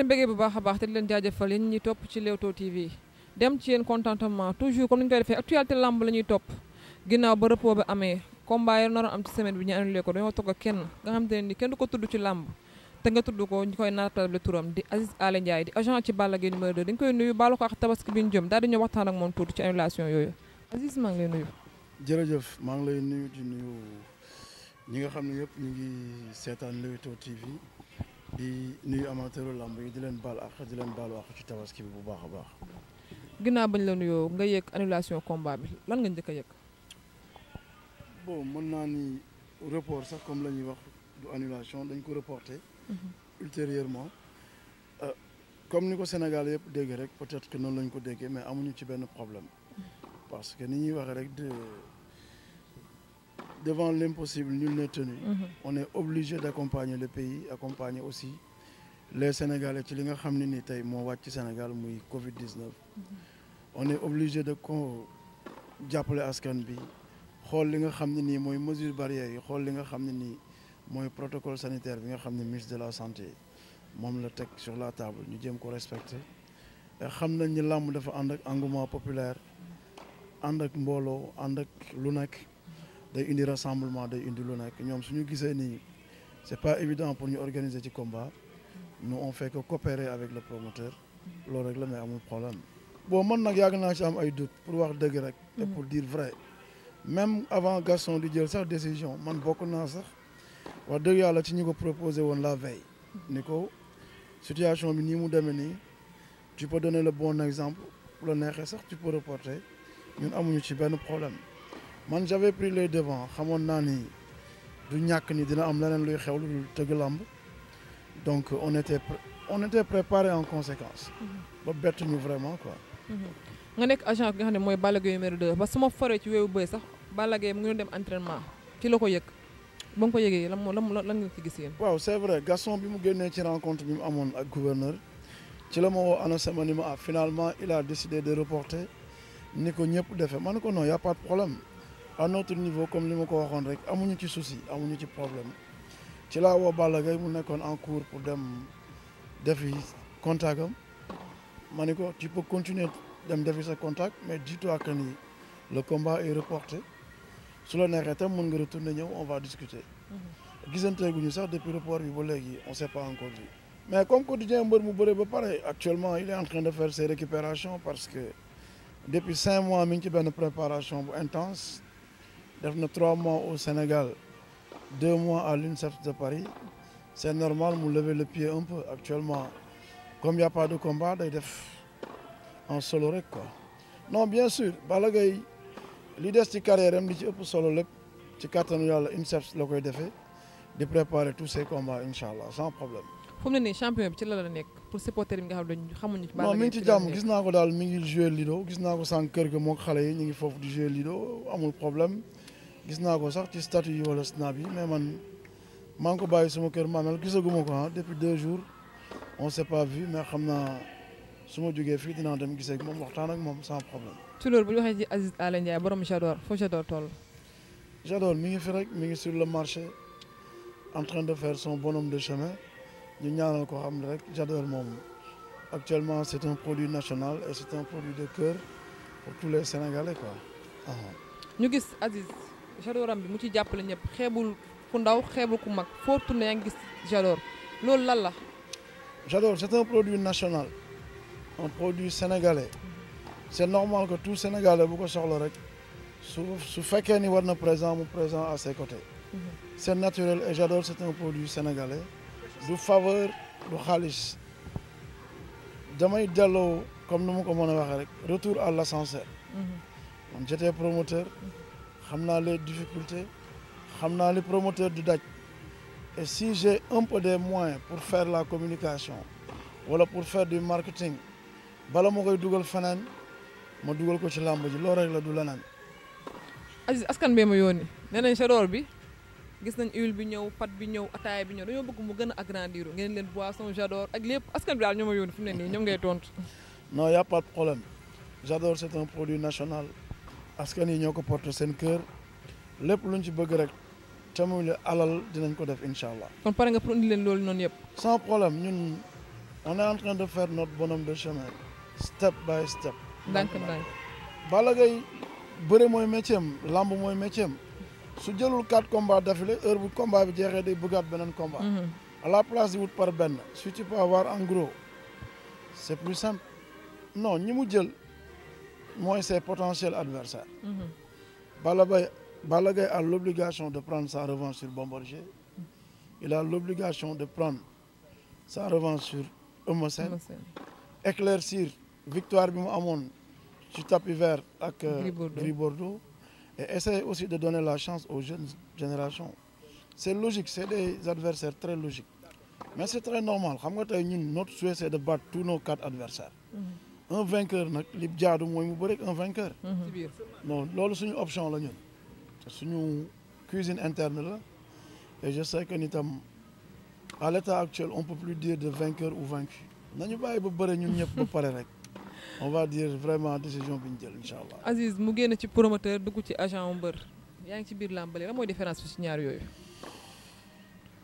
leen bëggee bu baax a baax te di leen jaajëfal yéen ñi topp ci Leewtoo TV dem ci yéen contentement toujours comme ni ñu koy defee actualité lamb la ñuy topp ginnaaw ba repos bi amee combat yi naroon am ci semaine bi ñu annulé ko dañoo togg kenn nga xam te ne ni du ko tudd ci lamb nga tudd ko ñu koy naatable turam di Aziz Aly Ndiaye agent ci Balla Gaye numéro 2 dañu koy nuyu baalu ko ak tabaski bi ñu jëm daal di ñëw waxtaan ak moom tuuti ci annulation yooyu Aziz maa ngi lay nuyu jërëjëf maa ngi lay nuyu di nuyu ñi nga xam ne yëpp ñu ngi seetaan Leewtoo TV di nuyu amateuru lamb yi di leen baal ak di leen baal wax ci tabaski bi bu baax a baax. ginnaaw bañ la nuyoo nga yëg annulation combat bi lan nga njëkk mën naa ni report sax comme la ñuy wax du annulation dañ ko reporté. Mhm. ultérieurement euh, comme ni ko Sénégal yëpp dégg rek peut-être que noonu lañ ko déggee mais amuñu ci benn problème mhm. parce que ni ñuy waxe rek de. devant l'impossible, nul n'est tenu. Mhm. On est obligé d'accompagner le pays, accompagner aussi les Sénégalais ci li nga xam ne nii tey moo wàcc ci Sénégal muy Covid 19. Mhm. on est obligé de ko jàppale askan bi xool li nga xam ne nii mooy mesure barrière yi xool li nga xam ne nii mooy protocole sanitaire bi nga xam ne ministre de la santé moom la teg sur la table ñu jëm ko respecté xam nañ ni làmb dafa ànd ak engouement populaire ànd ak mbooloo ànd ak lu nekk. day indi rassemblement day indi lu nekk ñoom suñu gisee nii c'est pas évident pour ñu organiser ci combat nous on fait que coopérer avec le promoteur loolu rek la mais amul problème boo man nag yàgg naa ci am ay doute pour wax dëgg rek pour dire vrai même avant Gaston di jël sax décision man bokk naa sax wax dëgg yàlla ci ñu ko proposé woon la veille ni ko situation bi nii mu demee nii tu peux donner le bon exemple bu la neexee sax tu peux reporter ñun amuñu ci benn problème man j'avais pris les devants xamoon naa ni du ñàkk ni dina am leneen luy xew lu dul tëgg làmb donc on était on était préparé en conséquence. Mm-hmm. ba bett ñu vraiment quoi. Mm-hmm. nga nekk agent bi nga xam ne mooy Balla Gaye numéro 2 ba su foree ci wéewu bëy sax Balla Gaye mu ngi doon dem entraînement ci la ko yëg ba nga ko yëgee lan moo lan lan nga ci gis yéen. waaw c'est vrai Gaston bi mu génnee ci rencontre bi mu amoon ak gouverneur ci la ma woo annoncé ma ni ma ah finalement il a décidé de reporter ni ko ñëpp defee ma ne ko non y a à notre niveau comme li ma ko waxoon rek amuñu ci souci amuñu ci problème ci laa woo Balla Gaye mu nekkoon en cours pour dem defi contact am ma ne ko tu peux continuer dem defi sa contact mais dis-toi que ni le combat est reporté su la neexee tam mën nga retourner ñëw on va discuter. Mhm. gisanteeguñu sax depuis report bi ba léegi on sait pas encore bi mais comme quotidien mbër mu bëre ba pare actuellement il est en de faire ses récupérations parce que depuis cinq mois mi ci benn préparation bu intense. def na trois mois au Sénégal deux mois à l'UNICEF de Paris c'est normal mu lever le pied un peu actuellement comme y a pas de combat day def en solo rek quoi non bien sûr Balla Gaye li des ci carrière am li ci ëpp solo lépp ci kàttanu yàlla INSEP la koy defee di préparer tous ces combats incha allah sans problème. fu mu ne nii champion bi ci la nekk pour supporter bi nga xam ne mi ngi ci jàmm gis naa ko daal mi ngi joué Lido gis naa ko sànq kër ga moog xale yi ñu ngi foofu di joué Lido amul problème. gis naa ko sax ci statut yi wala snap yi mais man maa ngi ko bàyyi suma kër maamel gisaguma ko ah depuis deux jours on s'est pas vu mais xam naa su ma jógee fii dinaa dem giseek moom waxtaan ak moom sans problème. ci loolu bu ñu waxee ci Aziz Aly Ndiaye borom Jador foo Jador toll. Jador mi ngi fi rek mi ngi sur le marché en train de fair son bonhomme de chemin ñu ñaanal ko xam ne rek Jador moom actuellement c'est un produit national et c'est un produit de cœur pour tous les quoi. Ah. ñu Jador bi mu ci jàppale ñëpp xeebul ku ndaw xeebul ku mag foo tourné yaa ngi gis Jador loolu lan la. Jador c'est un produit national un produit sénégalais mm-hmm. c'est normal que tout Sénégalais bu ko soxla rek su su fekkee ni war na présent mu présent à ses côtés. Mm-hmm. c'est naturel et Jador c'est un produit sénégalais du faveur du xaalis damay delloo comme nu ma ko mën a waxee rek retour à l'ascenseur. Mm-hmm. man j'étais promoteur. xam naa les difficultés xam naa li promoteur di daj et si j'ai un peu des moyens pour fair la communication wala pour faire du marketing bala moo koy dugal feneen ma dugal ko ci làmb ji loolu rek la du leneen. Aziz askan bee ma yónni nee nañ Chédor bi gis nañ huile bi ñëw pat bi ñëw ataaya bi ñëw dañoo bëgg mu gën a agrandir ngeen leen boisson Chédor ak lépp askan bi daal ñoo ma yónni fu mu ne nii ñoom ngay tontu. non y' a problème Chédor c' un produit national. parce que yi ñoo ko porté seen kër lépp luñ ci bëgg rek te muy alal dinañ ko def incha allah. kon pare nga pour indi leen loolu noonu yëpp. sans problème ñun on est en de faire notre bonhomme de chemin step by step. ndànk ndànk Balla Gaye bëre mooy métier lamb mooy métier su jëlul quatre combats d'affilée heure bu combat bi jeexee day bëggaat beneen combat. Mhm. à la place di wut par benn. si tu peux avoir en gros c'est plus simple non ñi mu jël. mooy ses potentiels adversaires. Mhm. Balla Gaye Balla a l'obligation de prendre sa revanche sur Bombardier. Il a l'obligation de prendre sa revanche sur Eumeu éclaircir victoire bi mu amoon ci ak euh, Gris Bordeaux et essayer aussi de donner la chance aux jeunes générations c'est logique c'est des adversaires très logiques mais c'est très normal xam nga tey ñun notre souhait c'est de battre tous nos quatre adversaires mhm. un vainqueur nag li jaadu mooy mu bëre un vainqueur. Mhm. non loolu suñu option la ñun. suñu cuisine interne la et je sais que ni tam à l'état actuel on peut plus dire de vainqueur ou vaincu nañu bàyyi ba bëre ñun ñëpp ba pare rek. on va dire vraiment décision bi ñu jël incha allah. Aziz mu génn ci promoteur dugg ci agent mbër yaa ngi ci biir làmbale la mooy différence bi ci ñaar yooyu.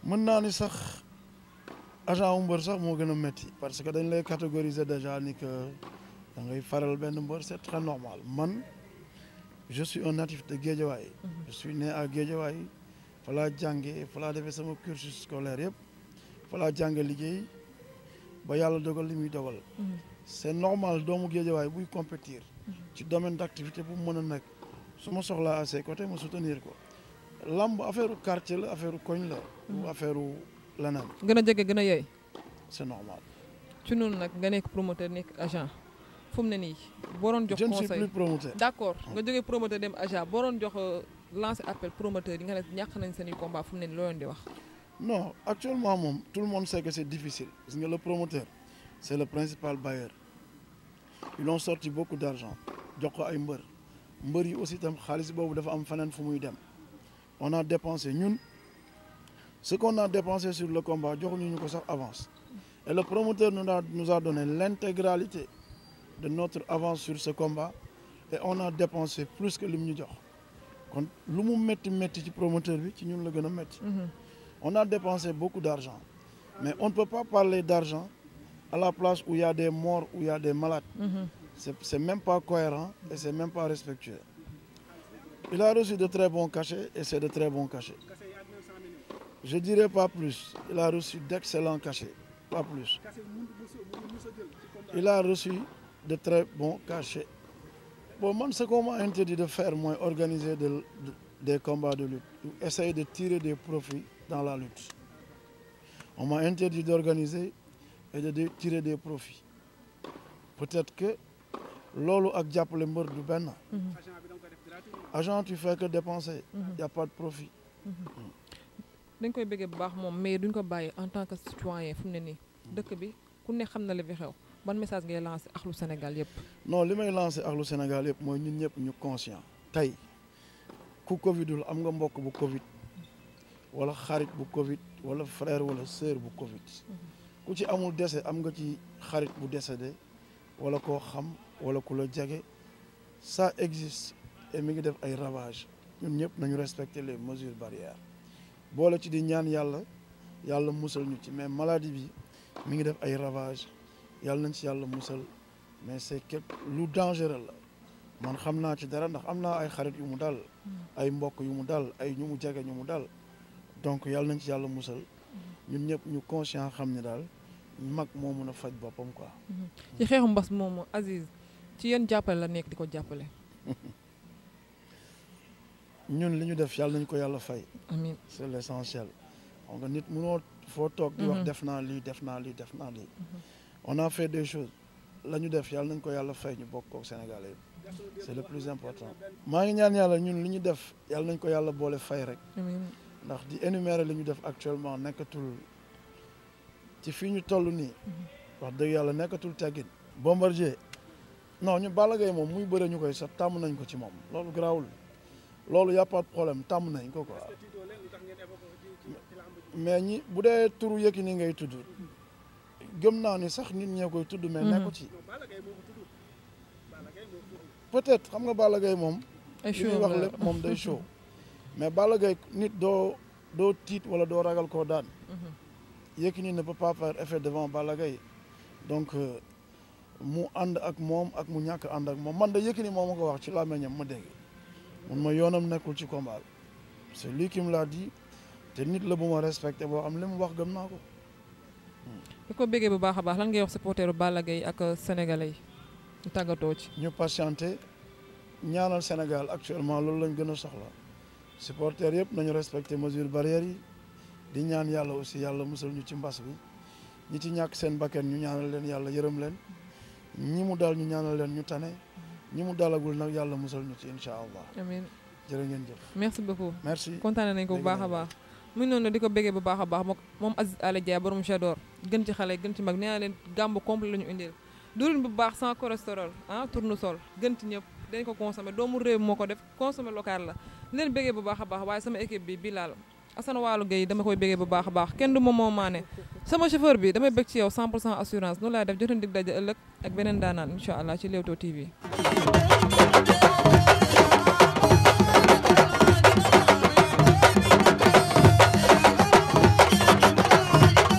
mën naa ni sax agent wu mbër sax moo gën a métti parce que dañ lay catégoriser déjà ni que da faral benn mbër c'est très normal man je un natif de Guédiawaye je suis à Guédiawaye fa laa jàngee fa defee sama cursus scolaire yëpp fa laa jànge liggéey ba yàlla dogal li muy dogal c'est normal doomu Guédiawaye buy compétir ci domaine d'activité bu mu mën a nekk su ma soxlaa à ses côtés ma soutenir ko lamb affaire quartier la affaire koñ la affaire la naan gën a jege gën a yey. c'est normal. ci noonu nag nga nekk promoteur nekk agent fu mu ne nii boo doon jox conseil je ne suis plus nga jógee promoteur dem agent boo doon jox euh, lancer appel promoteur yi nga xam ne ñàkk nañ seen i combat fu mu ne nii loo leen di wax. non actuellement moom tout le monde sait que c'est difficile gis nga le promoteur c'est le principal bailleur ils ont sorti beaucoup d'argent jox ko ay mbër mbër yi aussi itam xaalis boobu dafa am feneen fu muy dem on ce qu'on a dépensé sur le combat joxuñu ñu ko sax avance et le promoteur nous a donné l'intégralité de notre avance sur ce combat et on a dépensé plus que lim ñu jox kon lu mu métti métti ci promoteur bi ci ñun la gën a métti. Mhm. on a dépensé beaucoup d'argent mais on ne peut pas parler d'argent à la place où y a des morts où il y a des malades. Mm-hmm. c'est c'est même pas cohérent et c'est même pas respectueux. il a reçu de très bons cachets et c'est de très je dirais pas plus il a reçu d'excellents cachets pas plus il a reçu de très bons cachets bon man ce qu'on m'a interdit de faire mooy organiser de, de, des combats de lutte essayer de tirer des profits dans la lutte on m'a interdit d'organiser et de, de tirer des profits peut-être que loolu ak jàppale mbër du benn mhm. agent tu fais que dépenser il mhm. n'y a pas de profit mhm. hmm. dañ koy bëggee bu baax moom mais duñ ko bàyyi en tant que citoyen fu mu ne nii dëkk bi ku ne xam na li fi xew ban message ngay lancé axlu Sénégal yëpp non li may lancé axlu Sénégal yëpp mooy ñun ñëpp ñu conscient tey ku covidul am nga mbokk bu covid wala xarit bu covid wala frère wala sœur bu covid mm-hmm. ku ci amul décès am nga ci xarit bu décédé wala koo xam wala ku la jege sa existe et mi ngi def ay ravages ñun ñëpp nañu respecter les mesures barrières boole ci di ñaan yàlla yàlla musal ñu ci mais maladie bi mi ngi def ay ravage yàlla nañ ci yàlla musal mais c'est quelque lu dangereux la man xam naa ci dara ndax am naa ay xarit yu mu dal ay mbokk yu mu dal ay ñu mu jege ñu mu daal donc yàlla nañ ci yàlla musal ñun ñëpp ñu conscient xam ne daal mag moo mun a faj boppam quoi. ci xeexu mbas moomu Aziz ci yéen jàppale la nekk di ko jàppale. ñun li ñu def yàlla nañu ko yàlla fay. amiin c'est l'essentiel. xam nga nit mënoo foo toog. di mm-hmm. def naa lii def naa lii def naa mm-hmm. on a fait des choses la ñu def yàlla nañu ko yàlla fay ñu bokk koog Sénégalais yi le plus important. maa ngi ñaan yàlla ñun li ñu def yàlla nañu ko yàlla boole fay rek. ndax di énumérer li ñu def actuellement nekkatul ci fi ñu toll nii. Mm-hmm. wax dëgg yàlla nekkatul teggin. Bombardier non ñu Balla Gaye moom muy bëre ñu koy sax tàmm nañ ko ci moom loolu garaawul. loolu y' a problème tàmm nañ ko quoi mais ñi bu dee turu nii ngay tudd gëm naa ni sax nit ñee koy tudd. mais mm-hmm. nekku ci. peut-être xam nga Balla gay moom. li muy wax lépp moom day show mais Balla gay nit doo doo tiit wala doo ragal koo daan. Mm-hmm. nii ne peut pas faire effet devant Balla Gaye donc euh, mu ànd ak moom ak mu ñàkk ànd ak moom man de Yékini moo ma ko wax ci làmmiñam ma dégg. mun ma yoonam nekkul ci combat bi c'est lui qui me l'a te nit la bu ma respecté boo xam li wax gëm naa ko. di ko bëggee bu baax a baax lan ngay wax supporteru Balla Gaye ak sénégalais yi ñu tàggatoo ci. ñu patienté ñaanal Sénégal actuellement loolu lañ gën a soxla supporters yëpp nañu respecté mesures barrières yi di ñaan yàlla aussi yàlla musal ñu ci mbas bi ñi ci ñàkk seen bakkan ñu ñaanal leen yàlla yërëm leen ñi mu daal ñu ñaanal leen ñu tane. ñu mu dalagul nag yàlla musal ñu ci incha allah. amiin jërë ngeen jëf. merci beaucoup merci kontaan nañ ko bu baax a baax. mu ngi noonu di ko bégee bu baax a baax moom Aziz Aly Diaye borom Jador gën ci xale gën ci mag nee naa leen gàmb complet la ñu indil. durin bu baax sans cholestérol ah tournesol gën ci ñëpp dañ ko consommé doomu réew moo ko def consommé local la leen bégee bu baax a baax waaye sama équipe bi bi laal Assane Walu Gueye dama koy bégee bu baax a baax kenn du moom moo maane sama chauffeur bi damay bég ci yow 100 pour cent assurance noonu laay def jotoon dig daje ëllëg ak beneen daanaan incha allah ci Leewtoo TV